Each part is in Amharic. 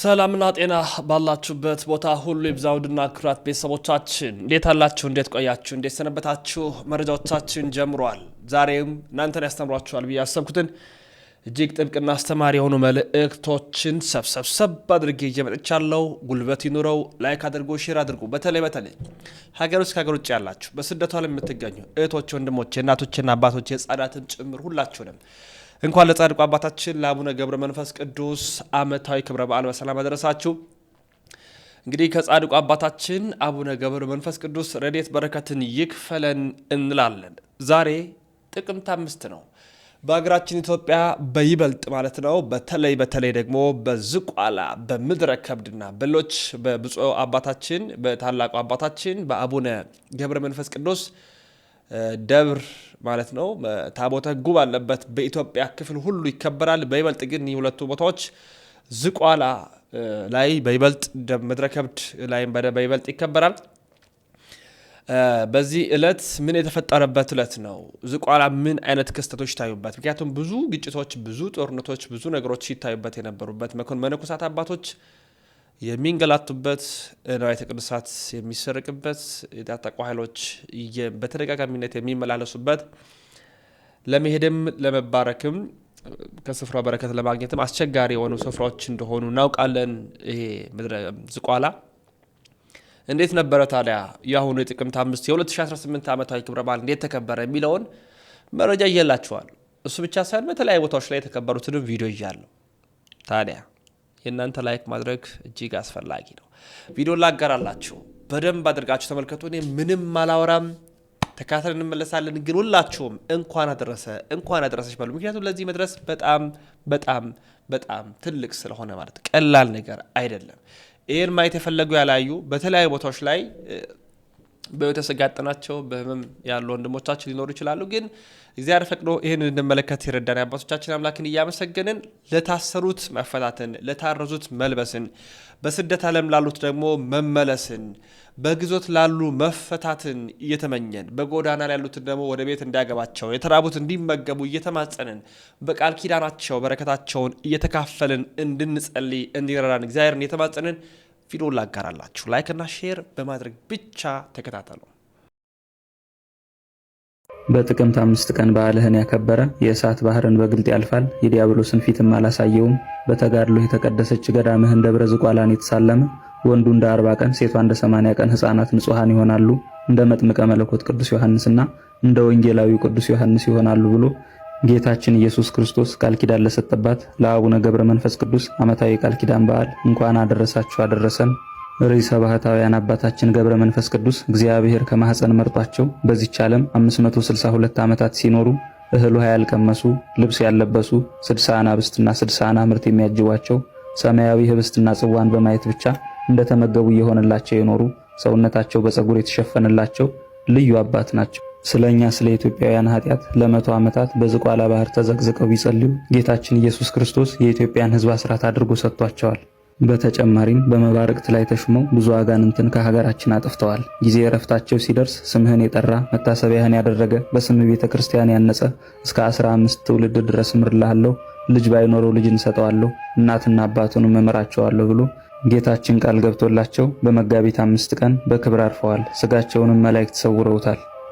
ሰላምና ጤና ባላችሁበት ቦታ ሁሉ ይብዛውድና ክራት ቤተሰቦቻችን እንዴት አላችሁ? እንዴት ቆያችሁ? እንዴት ሰነበታችሁ? መረጃዎቻችን ጀምሯል። ዛሬም እናንተን ያስተምሯችኋል ብዬ ያሰብኩትን እጅግ ጥብቅና አስተማሪ የሆኑ መልእክቶችን ሰብሰብሰብ አድርጌ እየመጥቻለሁ። ጉልበት ይኑረው። ላይክ አድርጎ ሼር አድርጉ። በተለይ በተለይ ሀገር ውስጥ ከሀገር ውጭ ያላችሁ በስደቷ ላይ የምትገኙ እህቶች፣ ወንድሞቼ፣ እናቶቼና አባቶቼ ህጻናትም ጭምር ሁላችሁንም እንኳን ለጻድቁ አባታችን ለአቡነ ገብረ መንፈስ ቅዱስ ዓመታዊ ክብረ በዓል በሰላም አደረሳችሁ። እንግዲህ ከጻድቁ አባታችን አቡነ ገብረ መንፈስ ቅዱስ ረድኤት በረከትን ይክፈለን እንላለን። ዛሬ ጥቅምት አምስት ነው። በሀገራችን ኢትዮጵያ በይበልጥ ማለት ነው በተለይ በተለይ ደግሞ በዝቋላ በምድረ ከብድና በሌሎች በብፁዕ አባታችን በታላቁ አባታችን በአቡነ ገብረ መንፈስ ቅዱስ ደብር ማለት ነው ታቦተ ሕጉ ባለበት በኢትዮጵያ ክፍል ሁሉ ይከበራል። በይበልጥ ግን የሁለቱ ቦታዎች ዝቋላ ላይ በይበልጥ ምድረ ከብድ ላይም በይበልጥ ይከበራል። በዚህ እለት ምን የተፈጠረበት እለት ነው? ዝቋላ ምን አይነት ክስተቶች ይታዩበት? ምክንያቱም ብዙ ግጭቶች፣ ብዙ ጦርነቶች፣ ብዙ ነገሮች ይታዩበት የነበሩበት መኮን መነኮሳት አባቶች የሚንገላቱበት ንዋየ ቅዱሳት የሚሰርቅበት የታጠቁ ኃይሎች በተደጋጋሚነት የሚመላለሱበት ለመሄድም ለመባረክም ከስፍራው በረከት ለማግኘትም አስቸጋሪ የሆኑ ስፍራዎች እንደሆኑ እናውቃለን። ይሄ ምድረ ዝቋላ እንዴት ነበረ ታዲያ የአሁኑ የጥቅምት አምስት የ2018 ዓመታዊ ክብረ በዓል እንዴት ተከበረ የሚለውን መረጃ እየላችኋል። እሱ ብቻ ሳይሆን በተለያዩ ቦታዎች ላይ የተከበሩትንም ቪዲዮ እያለሁ ታዲያ የእናንተ ላይክ ማድረግ እጅግ አስፈላጊ ነው። ቪዲዮ ላጋራላችሁ በደንብ አድርጋችሁ ተመልከቱ። እኔ ምንም አላወራም፣ ተካተል እንመለሳለን። ግን ሁላችሁም እንኳን አደረሰ እንኳን አደረሰች በሉ። ምክንያቱም ለዚህ መድረስ በጣም በጣም በጣም ትልቅ ስለሆነ ማለት ቀላል ነገር አይደለም። ይህን ማየት የፈለጉ ያላዩ በተለያዩ ቦታዎች ላይ በህይወት ያሰጋጠናቸው በህመም ያሉ ወንድሞቻችን ሊኖሩ ይችላሉ። ግን እግዚአብሔር ፈቅዶ ይህን እንድመለከት የረዳን አባቶቻችን አምላክን እያመሰገንን ለታሰሩት መፈታትን፣ ለታረዙት መልበስን፣ በስደት ዓለም ላሉት ደግሞ መመለስን፣ በግዞት ላሉ መፈታትን እየተመኘን በጎዳና ላይ ያሉትን ደግሞ ወደ ቤት እንዲያገባቸው የተራቡት እንዲመገቡ እየተማጸንን በቃል ኪዳናቸው በረከታቸውን እየተካፈልን እንድንጸልይ እንዲረዳን እግዚአብሔርን እየተማጸንን ቪዲዮ ላጋራላችሁ። ላይክ እና ሼር በማድረግ ብቻ ተከታተሉ። በጥቅምት አምስት ቀን በዓልህን ያከበረ የእሳት ባህርን በግልጥ ያልፋል፣ የዲያብሎስን ፊትም አላሳየውም። በተጋድሎ የተቀደሰች ገዳምህን ደብረ ዝቋላን የተሳለመ ወንዱ እንደ አርባ ቀን ሴቷ እንደ ሰማንያ ቀን ሕፃናት ንጹሐን ይሆናሉ እንደ መጥምቀ መለኮት ቅዱስ ዮሐንስና እንደ ወንጌላዊው ቅዱስ ዮሐንስ ይሆናሉ ብሎ ጌታችን ኢየሱስ ክርስቶስ ቃል ኪዳን ለሰጠባት ለአቡነ ገብረ መንፈስ ቅዱስ ዓመታዊ ቃል ኪዳን በዓል እንኳን አደረሳችሁ አደረሰን። ርዕሰ ባህታውያን አባታችን ገብረ መንፈስ ቅዱስ እግዚአብሔር ከማኅፀን መርጧቸው በዚች ዓለም 562 ዓመታት ሲኖሩ እህሉ ያልቀመሱ ልብስ ያለበሱ ስድሳ አናብስትና ስድሳ አናምርት የሚያጅቧቸው ሰማያዊ ህብስትና ጽዋን በማየት ብቻ እንደተመገቡ እየሆነላቸው የኖሩ ሰውነታቸው በፀጉር የተሸፈነላቸው ልዩ አባት ናቸው። ስለ እኛ ስለ ኢትዮጵያውያን ኃጢአት ለመቶ ዓመታት በዝቋላ ባህር ተዘቅዝቀው ቢጸልዩ ጌታችን ኢየሱስ ክርስቶስ የኢትዮጵያን ሕዝብ አስራት አድርጎ ሰጥቷቸዋል። በተጨማሪም በመባረቅት ላይ ተሹመው ብዙ አጋንንትን ከሀገራችን አጥፍተዋል። ጊዜ እረፍታቸው ሲደርስ ስምህን የጠራ መታሰቢያህን ያደረገ በስም ቤተ ክርስቲያን ያነጸ እስከ አስራ አምስት ትውልድ ድረስ እምርልሃለሁ፣ ልጅ ባይኖረው ልጅ እንሰጠዋለሁ፣ እናትና አባቱን እምራቸዋለሁ ብሎ ጌታችን ቃል ገብቶላቸው በመጋቢት አምስት ቀን በክብር አርፈዋል። ስጋቸውንም መላእክት ሰውረውታል።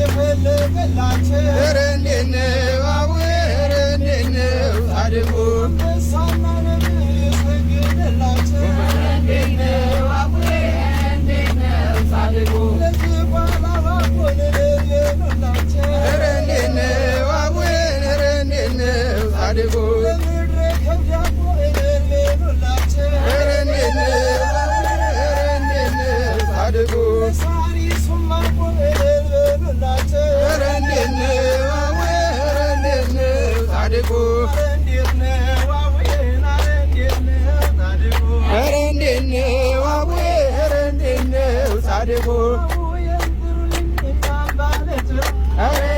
የፈለገላቸው ኧረ አቡ ጻድቁ ኧረ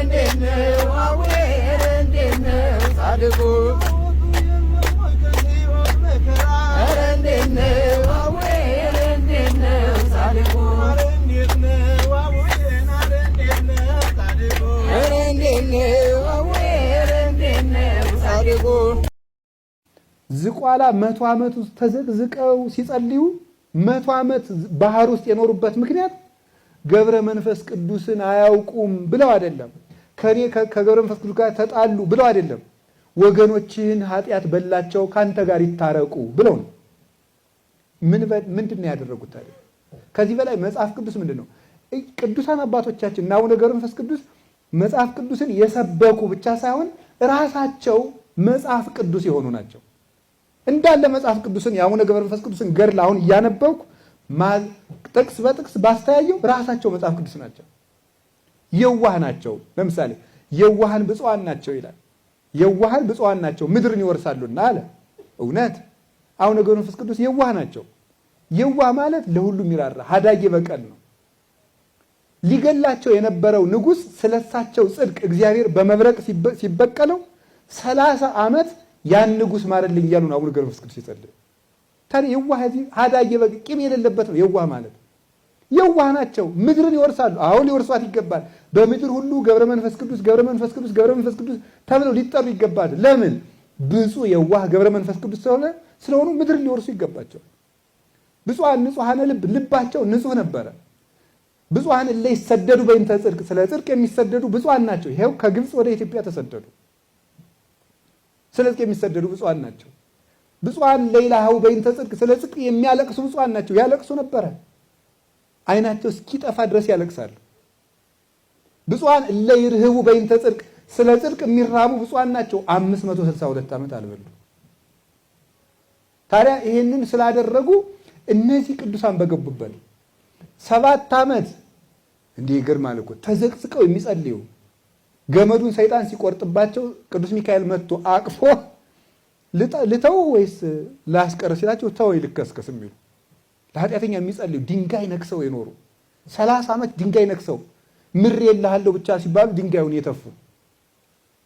እንዴት ነው ኧረ እንዴት ዝቋላ መቶ ዓመት ተዘቅዝቀው ሲጸልዩ መቶ ዓመት ባህር ውስጥ የኖሩበት ምክንያት ገብረ መንፈስ ቅዱስን አያውቁም ብለው አይደለም። ከኔ ከገብረ መንፈስ ቅዱስ ጋር ተጣሉ ብለው አይደለም። ወገኖችህን ኃጢአት በላቸው ካንተ ጋር ይታረቁ ብለው ነው። ምንድን ነው ያደረጉት ታዲያ? ከዚህ በላይ መጽሐፍ ቅዱስ ምንድን ነው? ቅዱሳን አባቶቻችን እና አቡነ ገብረ መንፈስ ቅዱስ መጽሐፍ ቅዱስን የሰበኩ ብቻ ሳይሆን ራሳቸው መጽሐፍ ቅዱስ የሆኑ ናቸው። እንዳለ መጽሐፍ ቅዱስን የአቡነ ገብረ መንፈስ ቅዱስን ገድል አሁን እያነበብኩ ጥቅስ በጥቅስ ባስተያየው ራሳቸው መጽሐፍ ቅዱስ ናቸው። የዋህ ናቸው። ለምሳሌ የዋሃን ብፁዓን ናቸው ይላል። የዋሃን ብፁዓን ናቸው ምድርን ይወርሳሉና አለ። እውነት አቡነ ገብረ መንፈስ ቅዱስ የዋህ ናቸው። የዋህ ማለት ለሁሉም ይራራ ሀዳጌ በቀል ነው። ሊገላቸው የነበረው ንጉሥ ስለሳቸው ጽድቅ እግዚአብሔር በመብረቅ ሲበቀለው ሰላሳ ዓመት ያን ንጉስ ማረልኝ እያሉ ነው አቡነ ገብረ መንፈስ ቅዱስ የጸለዩ። ታዲያ የዋህ ዚ ሀዳ በግ ቂም የሌለበት ነው የዋህ ማለት። የዋህ ናቸው። ምድርን ይወርሳሉ። አሁን ሊወርሷት ይገባል። በምድር ሁሉ ገብረ መንፈስ ቅዱስ ገብረ መንፈስ ቅዱስ ገብረ መንፈስ ቅዱስ ተብለው ሊጠሩ ይገባል። ለምን ብፁዕ የዋህ ገብረ መንፈስ ቅዱስ ስለሆነ ስለሆኑ ምድርን ሊወርሱ ይገባቸዋል። ብፁዓን ንጹሐነ ልብ ልባቸው ንጹህ ነበረ። ብፁዓን እለ ይሰደዱ በእንተ ጽድቅ ስለ ጽድቅ የሚሰደዱ ብፁዓን ናቸው። ይሄው ከግብፅ ወደ ኢትዮጵያ ተሰደዱ። ስለ ጽድቅ የሚሰደዱ ብፁዓን ናቸው። ብፁዓን ለይላሃው በይን ጽድቅ፣ ስለ ጽድቅ የሚያለቅሱ ብፁዓን ናቸው። ያለቅሱ ነበረ፣ አይናቸው እስኪጠፋ ድረስ ያለቅሳሉ። ብፁዓን እለ ይርህቡ በይንተ ጽድቅ፣ ስለ ጽድቅ የሚራቡ ብፁዓን ናቸው። 562 ዓመት አልበሉ። ታዲያ ይሄንን ስላደረጉ እነዚህ ቅዱሳን በገቡበት ሰባት ዓመት እንዲህ ግርማ ልኮ ተዘቅዝቀው የሚጸልዩ ገመዱን ሰይጣን ሲቆርጥባቸው ቅዱስ ሚካኤል መጥቶ አቅፎ ልተው ወይስ ላስቀር ሲላቸው ተው ይልከስከስ የሚሉ ለኃጢአተኛ የሚጸልዩ ድንጋይ ነክሰው የኖሩ ሰላሳ ዓመት ድንጋይ ነክሰው ምሬ እልሃለሁ ብቻ ሲባሉ ድንጋዩን የተፉ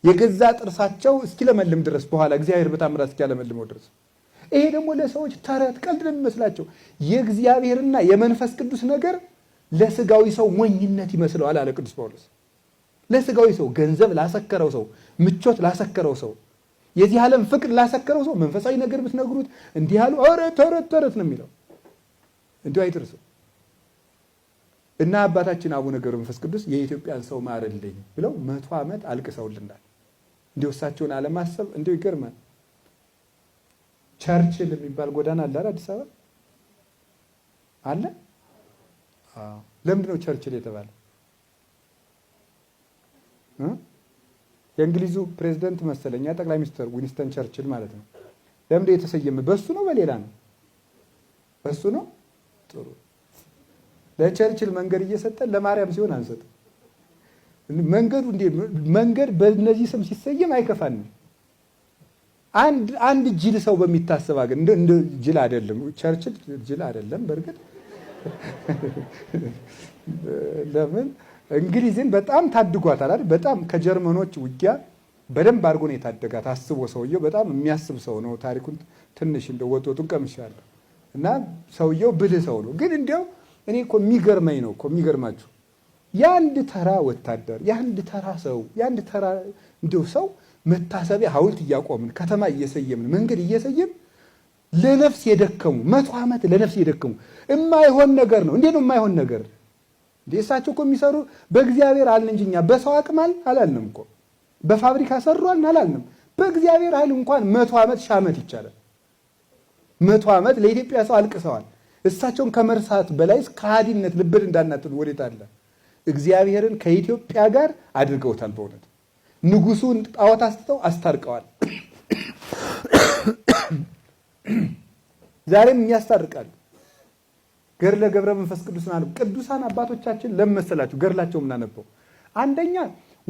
የገዛ ጥርሳቸው እስኪለመልም ድረስ በኋላ እግዚአብሔር በታምራት እስኪያለመልመው ድረስ ይሄ ደግሞ ለሰዎች ተረት ቀልድ ነው የሚመስላቸው። የእግዚአብሔርና የመንፈስ ቅዱስ ነገር ለስጋዊ ሰው ሞኝነት ይመስለዋል አለ ቅዱስ ጳውሎስ። ለስጋዊ ሰው ገንዘብ ላሰከረው ሰው ምቾት ላሰከረው ሰው የዚህ ዓለም ፍቅር ላሰከረው ሰው መንፈሳዊ ነገር ብትነግሩት እንዲህ ያሉ ረት ረት ተረት ነው የሚለው እንዲሁ አይደርስም። እና አባታችን አቡነ ገብረ መንፈስ ቅዱስ የኢትዮጵያን ሰው ማርልኝ ብለው መቶ ዓመት አልቅሰውልናል። እንዲሁ እሳቸውን አለማሰብ እንዲሁ ይገርማል። ቸርችል የሚባል ጎዳና አለ አዲስ አበባ አለ። ለምንድን ነው ቸርችል የተባለ? የእንግሊዙ ፕሬዚደንት መሰለኛ ጠቅላይ ሚኒስትር ዊንስተን ቸርችል ማለት ነው። ለምደ የተሰየመ በሱ ነው በሌላ ነው በሱ ነው። ጥሩ ለቸርችል መንገድ እየሰጠን ለማርያም ሲሆን አንሰጥም። መንገዱ እንዴ መንገድ በእነዚህ ስም ሲሰየም አይከፋንም። አንድ አንድ ጅል ሰው በሚታሰብ አገር እንደ ጅል አይደለም። ቸርችል ጅል አይደለም በእርግጥ ለምን እንግሊዝን በጣም ታድጓታል አይደል? በጣም ከጀርመኖች ውጊያ በደንብ አድርጎ ነው የታደጋት። አስቦ ሰውየው በጣም የሚያስብ ሰው ነው። ታሪኩን ትንሽ እንደ ወጦቱን ቀምሻለሁ እና ሰውየው ብልህ ሰው ነው። ግን እንዲያው እኔ እኮ የሚገርመኝ ነው እኮ የሚገርማችሁ የአንድ ተራ ወታደር የአንድ ተራ ሰው የአንድ ተራ እንደው ሰው መታሰቢያ ሐውልት እያቆምን ከተማ እየሰየምን መንገድ እየሰየም ለነፍስ የደከሙ መቶ ዓመት ለነፍስ የደከሙ የማይሆን ነገር ነው። እንዴት ነው የማይሆን ነገር እሳቸው እኮ የሚሰሩ በእግዚአብሔር አለ እንጂ እኛ በሰው አቅም አላልንም እኮ በፋብሪካ ሰሩ አልን አላልንም። በእግዚአብሔር ኃይል እንኳን መቶ ዓመት ሺህ ዓመት ይቻላል። መቶ ዓመት ለኢትዮጵያ ሰው አልቅሰዋል። እሳቸውን ከመርሳት በላይስ ከሃዲነት ልብን እንዳናጥል ወዴት አለ። እግዚአብሔርን ከኢትዮጵያ ጋር አድርገውታል። በእውነት ንጉሱን ጣዖት አስተው አስታርቀዋል። ዛሬም የሚያስታርቃሉ። ገድለ ገብረ መንፈስ ቅዱስ አለ። ቅዱሳን አባቶቻችን ለመሰላችሁ መሰላችሁ ገድላቸው ምናነበው አንደኛ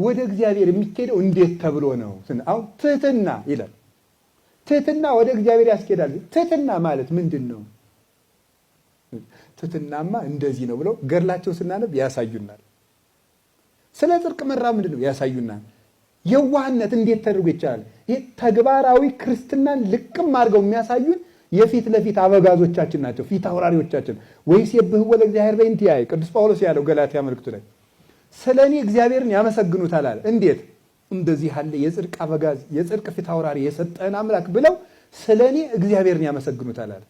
ወደ እግዚአብሔር የሚኬደው እንዴት ተብሎ ነው? አሁን ትህትና ይላል። ትህትና ወደ እግዚአብሔር ያስኬዳል። ትህትና ማለት ምንድን ነው? ትህትናማ እንደዚህ ነው ብለው ገድላቸውን ስናነብ ያሳዩናል። ስለ ጽድቅ መራ ምንድን ነው ያሳዩናል። የዋህነት እንዴት ተደርጎ ይቻላል? ይህ ተግባራዊ ክርስትናን ልቅም አድርገው የሚያሳዩን የፊት ለፊት አበጋዞቻችን ናቸው፣ ፊት አውራሪዎቻችን። ወይስ እግዚአብሔር ለእግዚአብሔር ያይ ቅዱስ ጳውሎስ ያለው ገላትያ መልክቱ ላይ ስለ እኔ እግዚአብሔርን ያመሰግኑታል አለ። እንዴት እንደዚህ ያለ የጽድቅ አበጋዝ የጽድቅ ፊት አውራሪ የሰጠን አምላክ ብለው ስለ እኔ እግዚአብሔርን ያመሰግኑታል አለ።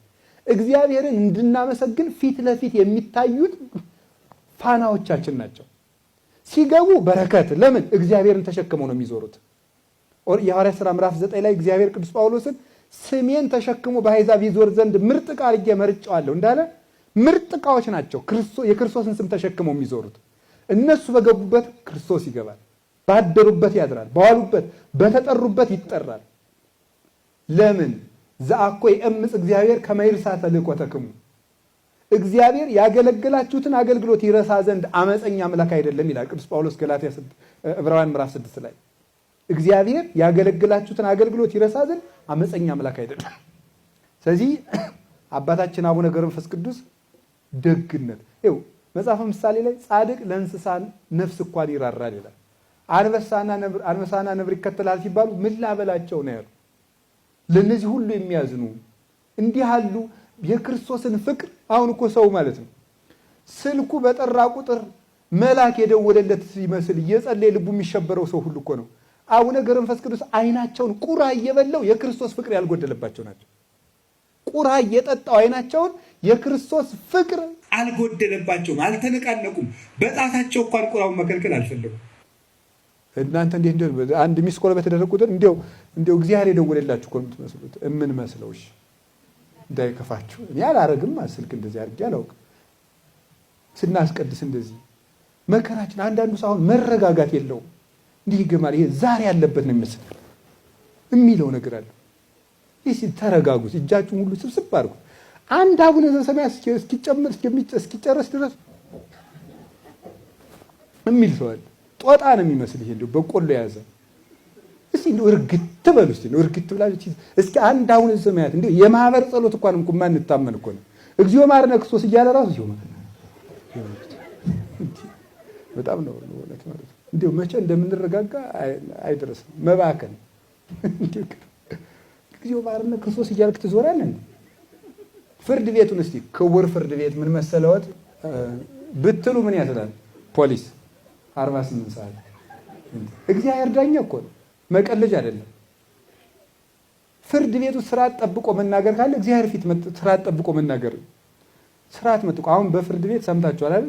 እግዚአብሔርን እንድናመሰግን ፊት ለፊት የሚታዩት ፋናዎቻችን ናቸው። ሲገቡ በረከት ለምን እግዚአብሔርን ተሸክመው ነው የሚዞሩት። የሐዋርያ ሥራ ምዕራፍ ዘጠኝ ላይ እግዚአብሔር ቅዱስ ጳውሎስን ስሜን ተሸክሞ በአሕዛብ ይዞር ዘንድ ምርጥ ዕቃ አድርጌ አለው እንዳለ ምርጥ ዕቃዎች ናቸው። የክርስቶስን ስም ተሸክመው የሚዞሩት እነሱ በገቡበት ክርስቶስ ይገባል፣ ባደሩበት ያድራል፣ በዋሉበት በተጠሩበት ይጠራል። ለምን ዘአኮ የእምፅ እግዚአብሔር ከመይርሳ ተልእኮ ተክሙ እግዚአብሔር ያገለግላችሁትን አገልግሎት ይረሳ ዘንድ አመፀኛ አምላክ አይደለም ይላል ቅዱስ ጳውሎስ ገላትያ ዕብራውያን ምዕራፍ ስድስት ላይ እግዚአብሔር ያገለግላችሁትን አገልግሎት ይረሳ ዘንድ አመፀኛ አምላክ አይደለም። ስለዚህ አባታችን አቡነ ገብረ መንፈስ ቅዱስ ደግነት ይኸው መጽሐፈ ምሳሌ ላይ ጻድቅ ለእንስሳ ነፍስ እንኳን ይራራል ይላል። አንበሳና ነብር ይከተላል ሲባሉ ምን ላበላቸው ነው ያሉ። ለእነዚህ ሁሉ የሚያዝኑ እንዲህ አሉ። የክርስቶስን ፍቅር አሁን እኮ ሰው ማለት ነው ስልኩ በጠራ ቁጥር መልአክ የደወለለት ሲመስል እየጸለየ ልቡ የሚሸበረው ሰው ሁሉ እኮ ነው። አቡነ ገብረ መንፈስ ቅዱስ አይናቸውን ቁራ እየበላው የክርስቶስ ፍቅር ያልጎደለባቸው ናቸው። ቁራ እየጠጣው አይናቸውን የክርስቶስ ፍቅር አልጎደለባቸውም፣ አልተነቃነቁም። በጣታቸው እንኳን ቁራውን መከልከል አልፈለጉ። እናንተ እንዲህ እንደ አንድ ሚስኮል በተደረግ ቁጥር እንዲው እንዲው እግዚአብሔር የደወለላችሁ እኮ የምትመስሉት እምንመስለውሽ እንዳይከፋችሁ። እኔ አላረግም ስልክ እንደዚህ አድርጌ አላውቅም። ስናስቀድስ እንደዚህ መከራችን አንዳንዱ ሰው አሁን መረጋጋት የለውም። እንዲህ ይገማል። ይሄ ዛሬ ያለበት ነው የሚመስል የሚለው ነገር አለ። ይህ ተረጋጉት፣ እጃችሁን ሁሉ ስብስብ አድርጉት። አንድ አቡነ ዘበሰማያት እስኪጨምር እስኪጨረስ ድረስ የሚል ሰው አለ። ጦጣ ነው የሚመስል ይሄ እንደው በቆሎ የያዘ እስቲ እንደው እርግት በሉ እስቲ እርግት ብላችሁ እስኪ አንድ አቡነ ዘሰማያት እንደው የማህበር ጸሎት እንኳን እንኳን ማንታመን እኮ ነው እግዚኦ ማረነ ክርስቶስ እያለ ራሱ ሲሆ በጣም ነው ነት ማለት ነው። እንዲሁ መቼ እንደምንረጋጋ አይደረስም። መባከን ጊዜው ባርነት ክርስቶስ እያልክ ትዞራለን። ፍርድ ቤቱን እስቲ ክቡር ፍርድ ቤት ምን መሰለወት ብትሉ ምን ያስላል? ፖሊስ 48 ሰዓት እግዚአብሔር ዳኛ እኮ ነው፣ አይደለም። ፍርድ ቤቱ ስርዓት ጠብቆ መናገር ካለ እግዚአብሔር ፊት ስርዓት ጠብቆ መናገር ስርዓት መጥቆ አሁን በፍርድ ቤት ሰምታችኋል አይደል?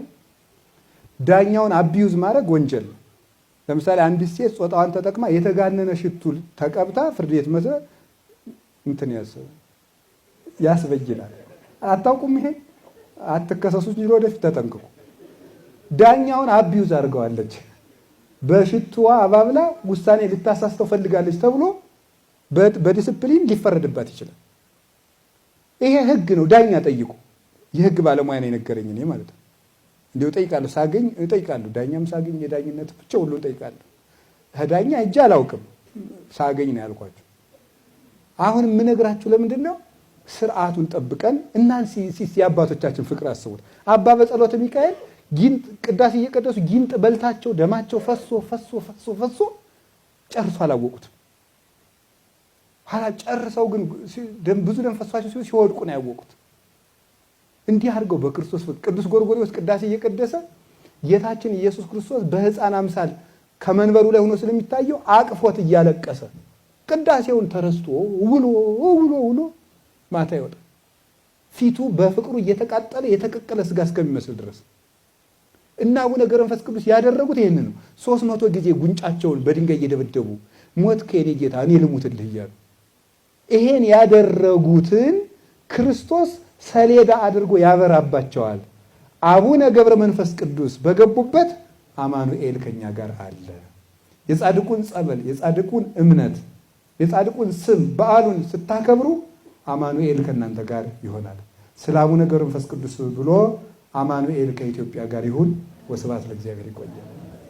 ዳኛውን አቢዩዝ ማድረግ ወንጀል ነው። ለምሳሌ አንዲት ሴት ጾጣዋን ተጠቅማ የተጋነነ ሽቱ ተቀብታ ፍርድ ቤት መዘ እንትን ያስበጅላል። አታውቁም? ይሄ አትከሰሱት እንጂ ወደፊት ተጠንቅቁ። ዳኛውን አቢዩዝ አድርገዋለች። በሽቱዋ አባብላ ውሳኔ ልታሳስተው ፈልጋለች ተብሎ በዲስፕሊን ሊፈረድባት ይችላል። ይሄ ህግ ነው። ዳኛ ጠይቁ። የህግ ባለሙያ ነው የነገረኝ እኔ ማለት ነው። እንዲ እጠይቃለሁ፣ ሳገኝ እጠይቃለሁ። ዳኛም ሳገኝ የዳኝነት ብቻ ሁሉ እጠይቃለሁ። ከዳኛ እጅ አላውቅም፣ ሳገኝ ነው ያልኳቸው። አሁን የምነግራችሁ ለምንድን ነው ስርዓቱን ጠብቀን እናን የአባቶቻችን ፍቅር አስቡት። አባ በጸሎተ ሚካኤል ጊንጥ ቅዳሴ እየቀደሱ ጊንጥ በልታቸው ደማቸው ፈሶ ፈሶ ፈሶ ፈሶ ጨርሶ አላወቁትም። ኋላ ጨርሰው ግን ብዙ ደም ፈሷቸው ሲወድቁ ነው ያወቁት። እንዲህ አድርገው በክርስቶስ ፍቅር ቅዱስ ጎርጎሪዎስ ቅዳሴ እየቀደሰ ጌታችን ኢየሱስ ክርስቶስ በሕፃን አምሳል ከመንበሩ ላይ ሆኖ ስለሚታየው አቅፎት እያለቀሰ ቅዳሴውን ተረስቶ ውሎ ውሎ ውሎ ማታ ይወጣል። ፊቱ በፍቅሩ እየተቃጠለ የተቀቀለ ስጋ እስከሚመስል ድረስ እና አቡነ ገብረ መንፈስ ቅዱስ ያደረጉት ይህን ነው። ሶስት መቶ ጊዜ ጉንጫቸውን በድንጋይ እየደበደቡ ሞት ከኔ ጌታ እኔ ልሙትልህ እያሉ ይሄን ያደረጉትን ክርስቶስ ሰሌዳ አድርጎ ያበራባቸዋል። አቡነ ገብረ መንፈስ ቅዱስ በገቡበት አማኑኤል ከኛ ጋር አለ። የጻድቁን ጸበል፣ የጻድቁን እምነት፣ የጻድቁን ስም በዓሉን ስታከብሩ አማኑኤል ከእናንተ ጋር ይሆናል። ስለ አቡነ ገብረ መንፈስ ቅዱስ ብሎ አማኑኤል ከኢትዮጵያ ጋር ይሁን። ወስብሐት ለእግዚአብሔር። ይቆያል።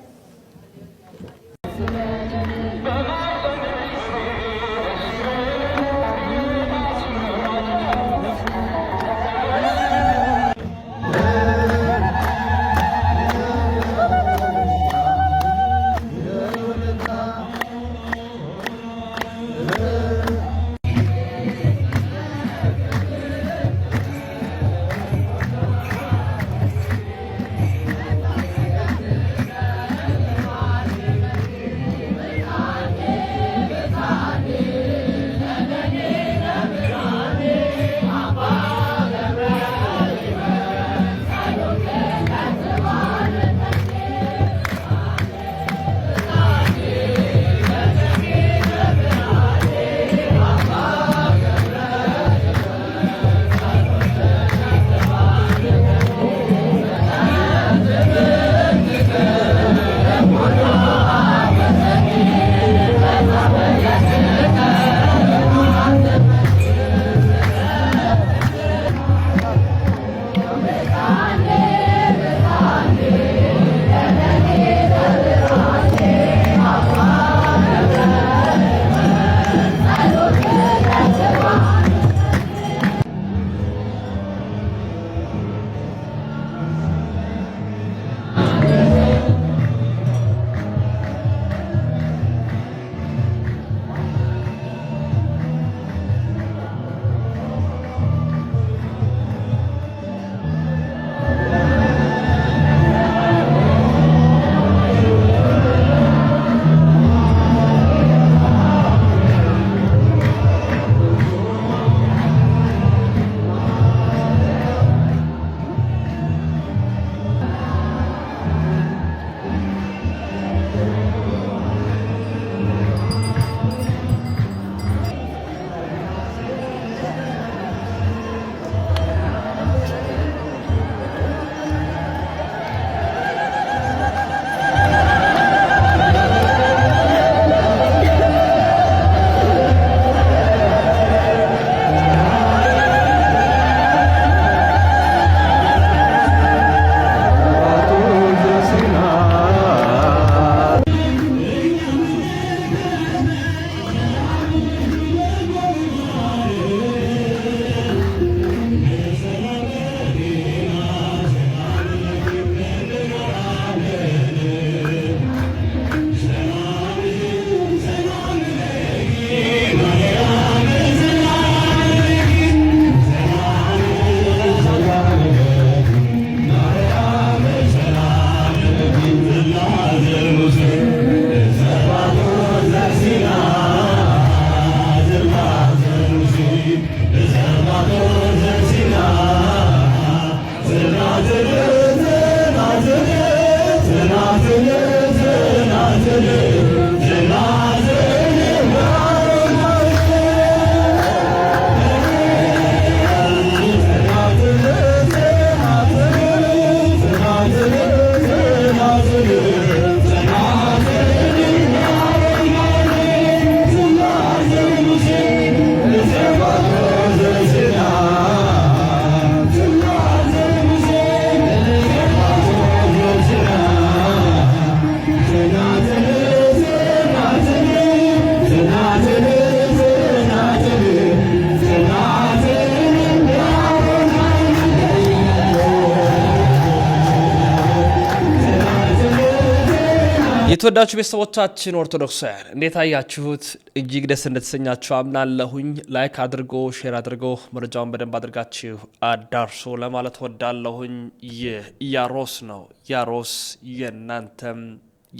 የተወዳችሁ ቤተሰቦቻችን ኦርቶዶክሳውያን እንዴት አያችሁት? እጅግ ደስ እንደተሰኛችሁ አምናለሁኝ። ላይክ አድርጎ ሼር አድርጎ መረጃውን በደንብ አድርጋችሁ አዳርሶ ለማለት ወዳለሁኝ። ይህ ያሮስ ነው። ያሮስ የእናንተም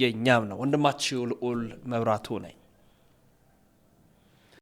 የእኛም ነው። ወንድማችሁ ልዑል መብራቱ ነኝ።